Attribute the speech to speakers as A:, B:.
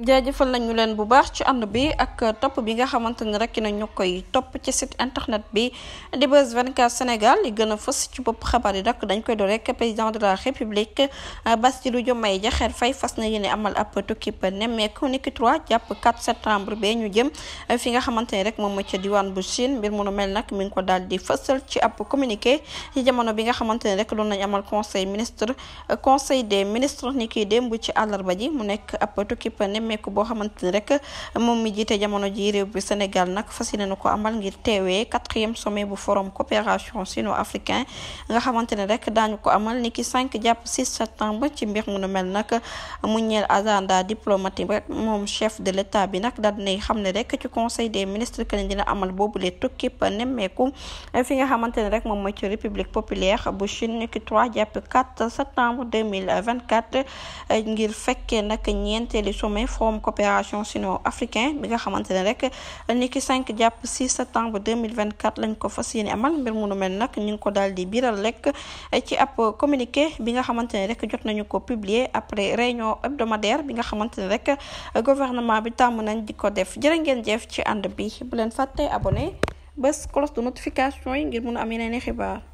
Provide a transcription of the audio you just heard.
A: jaajëfal nañu leen bu baax ci ànd bi ak topp bi nga xamante ni rek nañu koy topp ci site internet bi di Buzz 24 Sénégal li gën a fës ci bopp xabaar yi nag dañ koy door rek président de la république Bassirou Diomaye Diakhar fay fas na yéene amal ab tukki nemmeeku niki 3 jàpp 4 septembre bee ñu jëm fi nga xamante ni rek moom ca diwaan bu Chine mbir mu nu mel nag mi ngi ko daal di fësal ci ab communiqué ci jamono bi nga xamante ni rek doon nañ amal conseil ministre conseil des ministres niki démb ci àllarba ji mu nemmeeku boo xamante ni rek moom mi jiite jamono ji réew bi Sénégal nag fas yéene ko amal ngir teewee quatrième sommet bu forum coopération sino-africain nga xamante rek daañu ko amal ni ki 5 jàpp 6 septembre ci mbir mu nu mel nag mu ñeel agenda diplomatique rek moom chef de l'état bi nag daal dinay xam ne rek ci conseil des ministres que dina amal boobule tukki nemmeeku fi nga xamante rek moom mooy ci république populaire bu Chine ni ki 3 jàpp 4 septembre 2024 forum coopération sino-africain bi nga xamante ne rek ni ki 5 jàpp 6 septembre 2024 lañ ko fas yéene amal mbir mu nu mel nag ñu ngi ko daal di biiral rek ci ab communiqué bi nga xamante ne rek jot nañu ko publier après réunion hebdomadaire bi nga xamante ne rek gouvernement bi tàmm nañ di ko def jërë ngeen jëf ci ànd bi bu leen fàtte abonné bés cloche de notification yi ngir mun a am yeneen i xibaar